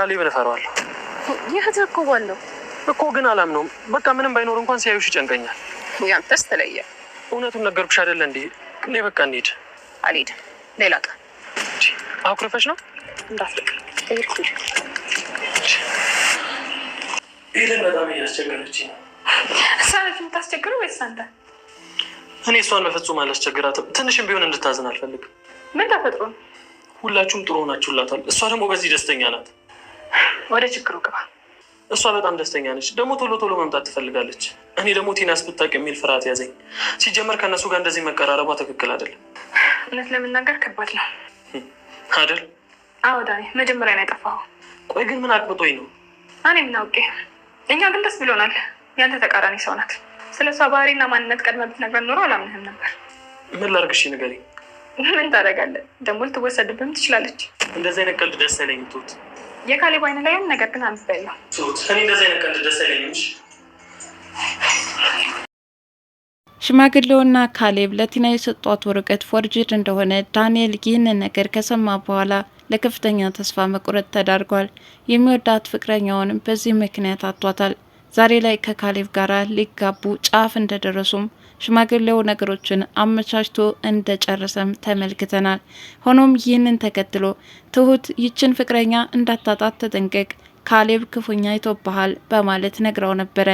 ካሌብን እፈራዋለሁ። ይህ ትርክቧለሁ እኮ ግን አላምነውም። በቃ ምንም ባይኖር እንኳን ሲያዩሽ ይጨንቀኛል። ያንተስ ተለየ። እውነቱን ነገርኩሽ አይደለ እንዴ? እኔ በቃ እንሄድ። አልሄድም። ሌላ ቀን አኩርፈሽ ነው እንዳትልቅ። ይህን በጣም እያስቸገረች ነው። ሳረፊ የምታስቸግረው ወይስ አንተ? እኔ እሷን በፍጹም አላስቸግራትም። ትንሽም ቢሆን እንድታዝን አልፈልግም። ምን ተፈጥሮ ነው? ሁላችሁም ጥሩ ሆናችሁላታል። እሷ ደግሞ በዚህ ደስተኛ ናት። ወደ ችግሩ ግባ። እሷ በጣም ደስተኛ ነች፣ ደግሞ ቶሎ ቶሎ መምጣት ትፈልጋለች። እኔ ደግሞ ቲናስ ብታቅ የሚል ፍርሃት ያዘኝ። ሲጀመር ከእነሱ ጋር እንደዚህ መቀራረቧ ትክክል አይደለም። እውነት ለመናገር ከባድ ነው አይደል? አዎ ዳኒ፣ መጀመሪያ ነው ያጠፋኸው። ቆይ ግን ምን አቅብጦኝ ነው? እኔ ምን አውቄ። እኛ ግን ደስ ብሎናል። ያንተ ተቃራኒ ሰው ናት። ስለ እሷ ባህሪና ማንነት ቀድመህ ብትነግረን ኖሮ አላምንህም ነበር። ምን ላርግሽ? እሺ ንገሪኝ። ምን ታደርጋለህ ደግሞ? ልትወሰድብህም ትችላለች። እንደዚህ አይነት ቀልድ ደስ አይለኝም ትሁት የካሌብ አይነ ላይም ነገር ግን አንስበለው። እኔ እንደዚህ አይነት ቀልድ ደስ አይለኝም። ሽማግሌውና ካሌብ ለቲና የሰጧት ወረቀት ፎርጅድ እንደሆነ ዳንኤል ይህንን ነገር ከሰማ በኋላ ለከፍተኛ ተስፋ መቁረጥ ተዳርጓል። የሚወዳት ፍቅረኛውንም በዚህ ምክንያት አቷታል። ዛሬ ላይ ከካሌብ ጋር ሊጋቡ ጫፍ እንደደረሱም ሽማግሌው ነገሮችን አመቻችቶ እንደጨረሰም ተመልክተናል። ሆኖም ይህንን ተከትሎ ትሁት ይችን ፍቅረኛ እንዳታጣት ተጠንቀቅ ካሌብ ክፉኛ ይቶብሃል በማለት ነግራው ነበረ።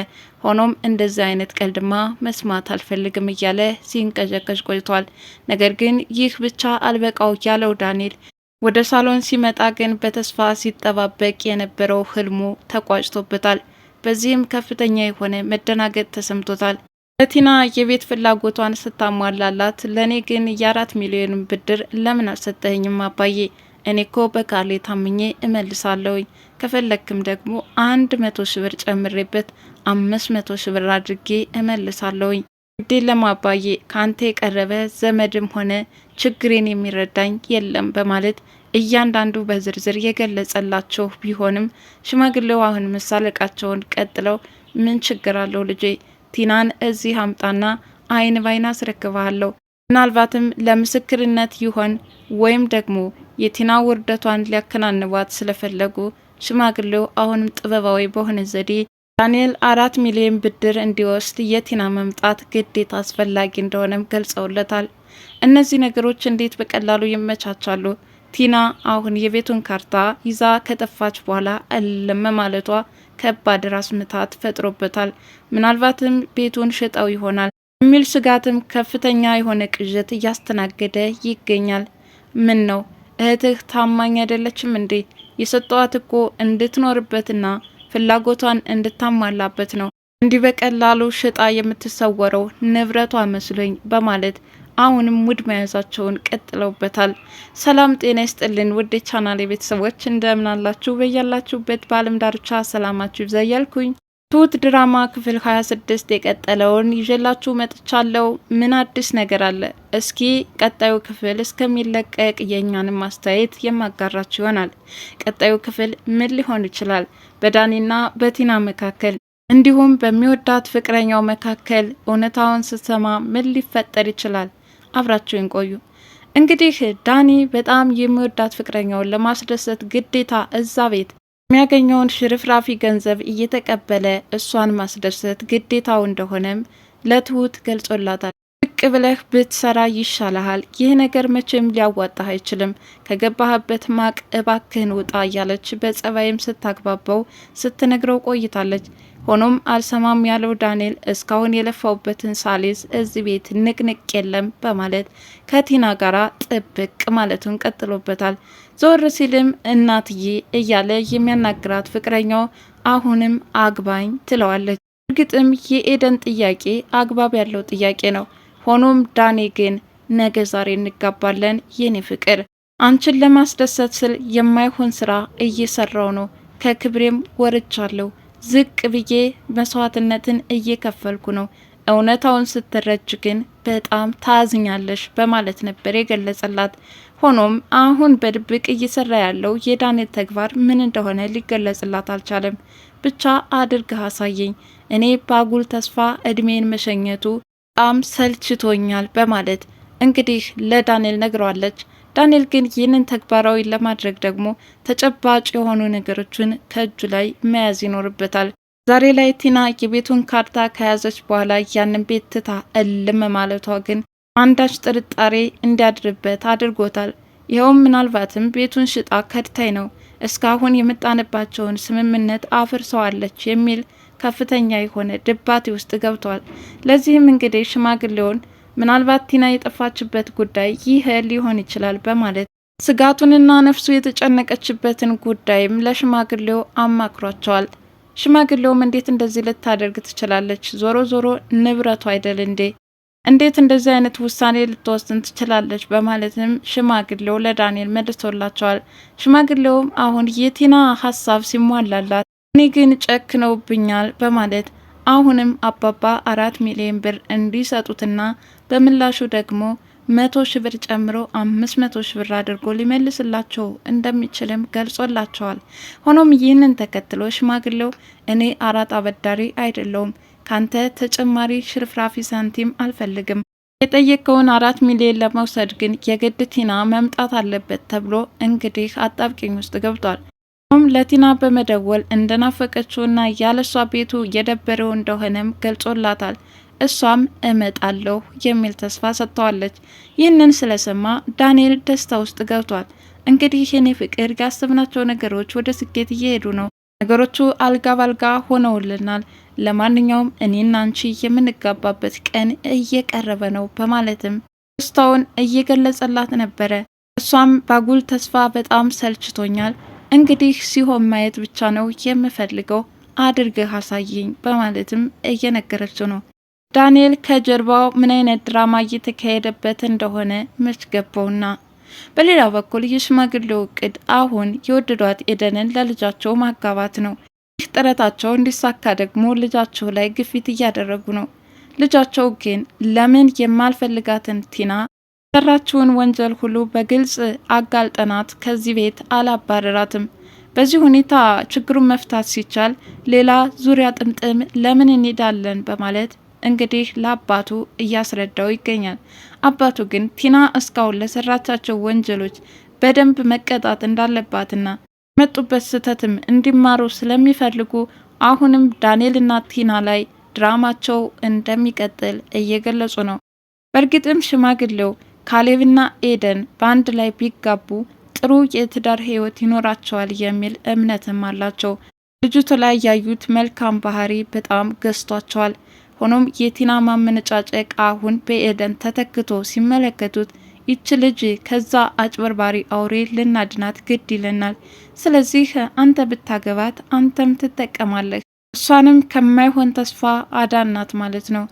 ሆኖም እንደዚህ አይነት ቀልድማ መስማት አልፈልግም እያለ ሲንቀዠቀዥ ቆይቷል። ነገር ግን ይህ ብቻ አልበቃው ያለው ዳንኤል ወደ ሳሎን ሲመጣ ግን በተስፋ ሲጠባበቅ የነበረው ህልሙ ተቋጭቶበታል። በዚህም ከፍተኛ የሆነ መደናገጥ ተሰምቶታል። ለቲና የቤት ፍላጎቷን ስታሟላላት ለእኔ ግን የአራት ሚሊዮን ብድር ለምን አልሰጠኸኝም አባዬ? እኔ ኮ በቃሌ ታምኜ እመልሳለሁኝ። ከፈለግክም ደግሞ አንድ መቶ ሺ ብር ጨምሬበት አምስት መቶ ሺ ብር አድርጌ እመልሳለሁኝ። ግዴ ለማባዬ ከአንተ የቀረበ ዘመድም ሆነ ችግሬን የሚረዳኝ የለም በማለት እያንዳንዱ በዝርዝር የገለጸላቸው ቢሆንም ሽማግሌው አሁን ምሳለቃቸውን ቀጥለው ምን ችግር አለው ልጄ ቲናን እዚህ አምጣና አይን ባይን አስረክብሃለሁ። ምናልባትም ለምስክርነት ይሆን ወይም ደግሞ የቲና ውርደቷን ሊያከናንቧት ስለፈለጉ ሽማግሌው አሁንም ጥበባዊ በሆነ ዘዴ ዳንኤል አራት ሚሊዮን ብድር እንዲወስድ የቲና መምጣት ግዴታ አስፈላጊ እንደሆነም ገልጸውለታል። እነዚህ ነገሮች እንዴት በቀላሉ ይመቻቻሉ? ቲና አሁን የቤቱን ካርታ ይዛ ከጠፋች በኋላ እልም ማለቷ ከባድ ራስ ምታት ፈጥሮበታል። ምናልባትም ቤቱን ሽጠው ይሆናል የሚል ስጋትም ከፍተኛ የሆነ ቅዠት እያስተናገደ ይገኛል። ምን ነው እህትህ ታማኝ አይደለችም እንዴ? የሰጠዋት እኮ እንድትኖርበትና ፍላጎቷን እንድታሟላበት ነው። እንዲህ በቀላሉ ሽጣ የምትሰወረው ንብረቷ መስሎኝ በማለት አሁንም ውድ መያዛቸውን ቀጥለውበታል። ሰላም ጤና ይስጥልን ውድ የቻናሌ ቤተሰቦች እንደምናላችሁ በያላችሁበት በአለም ዳርቻ ሰላማችሁ ይብዛ እያልኩኝ ትሁት ድራማ ክፍል 26 የቀጠለውን ይዤላችሁ መጥቻለሁ። ምን አዲስ ነገር አለ? እስኪ ቀጣዩ ክፍል እስከሚለቀቅ የእኛንም አስተያየት የማጋራችሁ ይሆናል። ቀጣዩ ክፍል ምን ሊሆን ይችላል? በዳኒና በቲና መካከል እንዲሁም በሚወዳት ፍቅረኛው መካከል እውነታውን ስትሰማ ምን ሊፈጠር ይችላል? አብራችሁን ቆዩ። እንግዲህ ዳኒ በጣም የሚወዳት ፍቅረኛውን ለማስደሰት ግዴታ እዛ ቤት የሚያገኘውን ሽርፍራፊ ገንዘብ እየተቀበለ እሷን ማስደሰት ግዴታው እንደሆነም ለትሁት ገልጾላታል። ዝቅ ብለህ ብትሰራ ይሻልሃል። ይህ ነገር መቼም ሊያዋጣህ አይችልም። ከገባህበት ማቅ እባክህን ውጣ እያለች በጸባይም ስታግባባው ስትነግረው ቆይታለች። ሆኖም አልሰማም ያለው ዳንኤል እስካሁን የለፋውበትን ሳሌዝ እዚህ ቤት ንቅንቅ የለም በማለት ከቲና ጋራ ጥብቅ ማለቱን ቀጥሎበታል። ዞር ሲልም እናትዬ እያለ የሚያናግራት ፍቅረኛው አሁንም አግባኝ ትለዋለች። እርግጥም የኤደን ጥያቄ አግባብ ያለው ጥያቄ ነው። ሆኖም ዳኔ ግን ነገ ዛሬ እንጋባለን የኔ ፍቅር፣ አንቺን ለማስደሰት ስል የማይሆን ስራ እየሰራው ነው። ከክብሬም ወርቻለሁ። ዝቅ ብዬ መስዋዕትነትን እየከፈልኩ ነው። እውነታውን ስትረጅ ግን በጣም ታዝኛለሽ በማለት ነበር የገለጸላት። ሆኖም አሁን በድብቅ እየሰራ ያለው የዳኔ ተግባር ምን እንደሆነ ሊገለጽላት አልቻለም። ብቻ አድርገህ አሳየኝ፣ እኔ ባጉል ተስፋ እድሜን መሸኘቱ በጣም ሰልችቶኛል በማለት እንግዲህ ለዳንኤል ነግረዋለች። ዳንኤል ግን ይህንን ተግባራዊ ለማድረግ ደግሞ ተጨባጭ የሆኑ ነገሮችን ከእጁ ላይ መያዝ ይኖርበታል። ዛሬ ላይ ቲና የቤቱን ካርታ ከያዘች በኋላ ያንን ቤት ትታ እልም ማለቷ ግን አንዳች ጥርጣሬ እንዲያድርበት አድርጎታል። ይኸውም ምናልባትም ቤቱን ሽጣ ከድታይ ነው እስካሁን የመጣንባቸውን ስምምነት አፍርሰዋለች የሚል ከፍተኛ የሆነ ድባቴ ውስጥ ገብቷል። ለዚህም እንግዲህ ሽማግሌውን ምናልባት ቲና የጠፋችበት ጉዳይ ይህ ሊሆን ይችላል በማለት ስጋቱንና ነፍሱ የተጨነቀችበትን ጉዳይም ለሽማግሌው አማክሯቸዋል። ሽማግሌውም እንዴት እንደዚህ ልታደርግ ትችላለች? ዞሮ ዞሮ ንብረቱ አይደል እንዴ? እንዴት እንደዚህ አይነት ውሳኔ ልትወስን ትችላለች? በማለትም ሽማግሌው ለዳንኤል መልሶላቸዋል። ሽማግሌውም አሁን የቲና ሀሳብ ሲሟላላት እኔ ግን ጨክነውብኛል በማለት አሁንም አባባ አራት ሚሊዮን ብር እንዲሰጡትና በምላሹ ደግሞ መቶ ሺ ብር ጨምሮ አምስት መቶ ሺ ብር አድርጎ ሊመልስላቸው እንደሚችልም ገልጾላቸዋል። ሆኖም ይህንን ተከትሎ ሽማግሌው እኔ አራት አበዳሪ አይደለውም፣ ካንተ ተጨማሪ ሽርፍራፊ ሳንቲም አልፈልግም፣ የጠየቀውን አራት ሚሊዮን ለመውሰድ ግን የግድ ቲና መምጣት አለበት ተብሎ እንግዲህ አጣብቂኝ ውስጥ ገብቷል። ናሆም ለቲና በመደወል እንደናፈቀችውና ያለሷ ቤቱ የደበረው እንደሆነም ገልጾላታል። እሷም እመጣለሁ የሚል ተስፋ ሰጥተዋለች። ይህንን ስለሰማ ዳንኤል ደስታ ውስጥ ገብቷል። እንግዲህ የኔ ፍቅር ያሰብናቸው ነገሮች ወደ ስኬት እየሄዱ ነው። ነገሮቹ አልጋ ባልጋ ሆነውልናል። ለማንኛውም እኔና አንቺ የምንጋባበት ቀን እየቀረበ ነው በማለትም ደስታውን እየገለጸላት ነበረ። እሷም ባጉል ተስፋ በጣም ሰልችቶኛል እንግዲህ ሲሆን ማየት ብቻ ነው የምፈልገው፣ አድርገህ አሳየኝ በማለትም እየነገረችው ነው። ዳንኤል ከጀርባው ምን አይነት ድራማ እየተካሄደበት እንደሆነ ምች ገባውና በሌላ በኩል የሽማግሌው እቅድ አሁን የወደዷት ኤደንን ለልጃቸው ማጋባት ነው። ይህ ጥረታቸው እንዲሳካ ደግሞ ልጃቸው ላይ ግፊት እያደረጉ ነው። ልጃቸው ግን ለምን የማልፈልጋትን ቲና የሰራችውን ወንጀል ሁሉ በግልጽ አጋልጠናት ከዚህ ቤት አላባረራትም። በዚህ ሁኔታ ችግሩን መፍታት ሲቻል ሌላ ዙሪያ ጥምጥም ለምን እንሄዳለን በማለት እንግዲህ ለአባቱ እያስረዳው ይገኛል። አባቱ ግን ቲና እስካሁን ለሰራቻቸው ወንጀሎች በደንብ መቀጣት እንዳለባትና መጡበት ስህተትም እንዲማሩ ስለሚፈልጉ አሁንም ዳንኤልና ቲና ላይ ድራማቸው እንደሚቀጥል እየገለጹ ነው። በእርግጥም ሽማግሌው ካሌብና ኤደን በአንድ ላይ ቢጋቡ ጥሩ የትዳር ህይወት ይኖራቸዋል የሚል እምነትም አላቸው። ልጅቱ ላይ ያዩት መልካም ባህሪ በጣም ገዝቷቸዋል። ሆኖም የቲና ማመነጫጨቅ አሁን በኤደን ተተክቶ ሲመለከቱት ይች ልጅ ከዛ አጭበርባሪ አውሬ ልናድናት ግድ ይለናል። ስለዚህ አንተ ብታገባት አንተም ትጠቀማለህ፣ እሷንም ከማይሆን ተስፋ አዳናት ማለት ነው።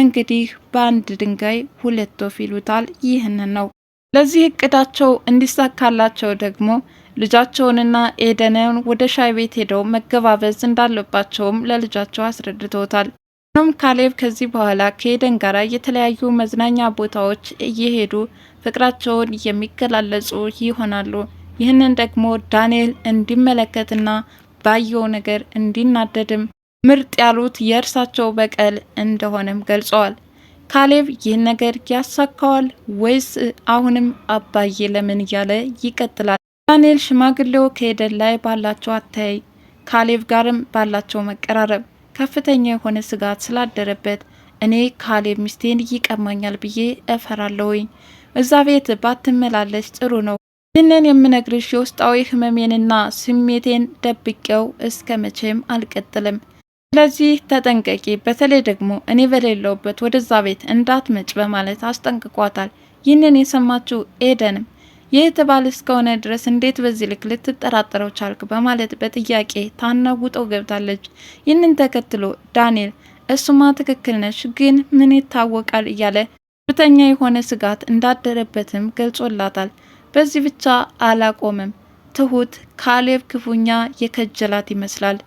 እንግዲህ በአንድ ድንጋይ ሁለት ወፍ ይሉታል። ይህንን ነው። ለዚህ እቅዳቸው እንዲሳካላቸው ደግሞ ልጃቸውንና ኤደንን ወደ ሻይ ቤት ሄደው መገባበዝ እንዳለባቸውም ለልጃቸው አስረድተውታል። ሆኖም ካሌብ ከዚህ በኋላ ከኤደን ጋር የተለያዩ መዝናኛ ቦታዎች እየሄዱ ፍቅራቸውን የሚገላለጹ ይሆናሉ። ይህንን ደግሞ ዳንኤል እንዲመለከትና ባየው ነገር እንዲናደድም ምርጥ ያሉት የእርሳቸው በቀል እንደሆነም ገልጸዋል። ካሌብ ይህን ነገር ያሳካዋል ወይስ አሁንም አባዬ ለምን እያለ ይቀጥላል? ዳንኤል ሽማግሌው ከሄደን ላይ ባላቸው አተያይ ካሌብ ጋርም ባላቸው መቀራረብ ከፍተኛ የሆነ ስጋት ስላደረበት እኔ ካሌብ ሚስቴን ይቀማኛል ብዬ እፈራለሁኝ። እዛ ቤት ባትመላለስ ጥሩ ነው። ይህንን የምነግርሽ የውስጣዊ ሕመሜንና ስሜቴን ደብቄው እስከ መቼም አልቀጥልም። ስለዚህ ተጠንቀቂ፣ በተለይ ደግሞ እኔ በሌለውበት ወደዛ ቤት እንዳትመጭ በማለት አስጠንቅቋታል። ይህንን የሰማችው ኤደንም ይህ የተባለ እስከሆነ ድረስ እንዴት በዚህ ልክ ልትጠራጠረው ቻልክ? በማለት በጥያቄ ታናውጠው ገብታለች። ይህንን ተከትሎ ዳንኤል እሱማ ትክክል ነሽ፣ ግን ምን ይታወቃል እያለ ብተኛ የሆነ ስጋት እንዳደረበትም ገልጾላታል። በዚህ ብቻ አላቆምም። ትሁት ካሌብ ክፉኛ የከጀላት ይመስላል።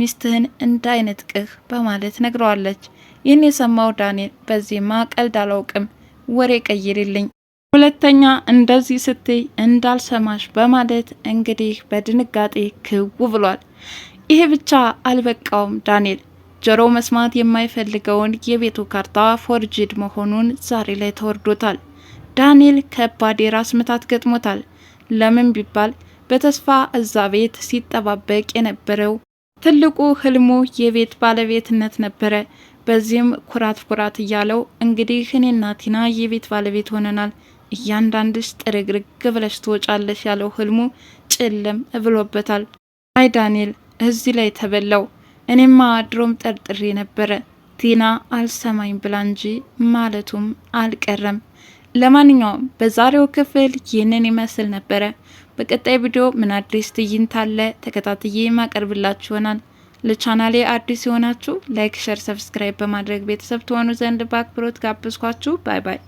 ሚስትህን እንዳይነጥቅህ በማለት ነግረዋለች። ይህን የሰማው ዳንኤል በዚህማ ቀልድ አላውቅም፣ ወሬ ቀይርልኝ፣ ሁለተኛ እንደዚህ ስትይ እንዳልሰማሽ በማለት እንግዲህ በድንጋጤ ክው ብሏል። ይሄ ብቻ አልበቃውም። ዳንኤል ጆሮ መስማት የማይፈልገውን የቤቱ ካርታ ፎርጅድ መሆኑን ዛሬ ላይ ተወርዶታል። ዳንኤል ከባድ የራስ ምታት ገጥሞታል። ለምን ቢባል በተስፋ እዛ ቤት ሲጠባበቅ የነበረው ትልቁ ህልሙ የቤት ባለቤትነት ነበረ። በዚህም ኩራት ኩራት እያለው እንግዲህ እኔና ቲና የቤት ባለቤት ሆነናል፣ እያንዳንድሽ ጥርግርግ ብለሽ ትወጫለሽ ያለው ህልሙ ጭልም ብሎበታል። አይ ዳንኤል እዚህ ላይ ተበላው። እኔማ ድሮም ጠርጥሬ ነበረ ቲና አልሰማኝ ብላ እንጂ ማለቱም አልቀረም። ለማንኛውም በዛሬው ክፍል ይህንን ይመስል ነበረ። በቀጣይ ቪዲዮ ምን አዲስ ትዕይንት አለ ተከታትዬ የማቀርብላችሁ ይሆናል። ለቻናሌ አዲስ የሆናችሁ ላይክ፣ ሸር፣ ሰብስክራይብ በማድረግ ቤተሰብ ትሆኑ ዘንድ በአክብሮት ጋብዝኳችሁ። ባይ ባይ።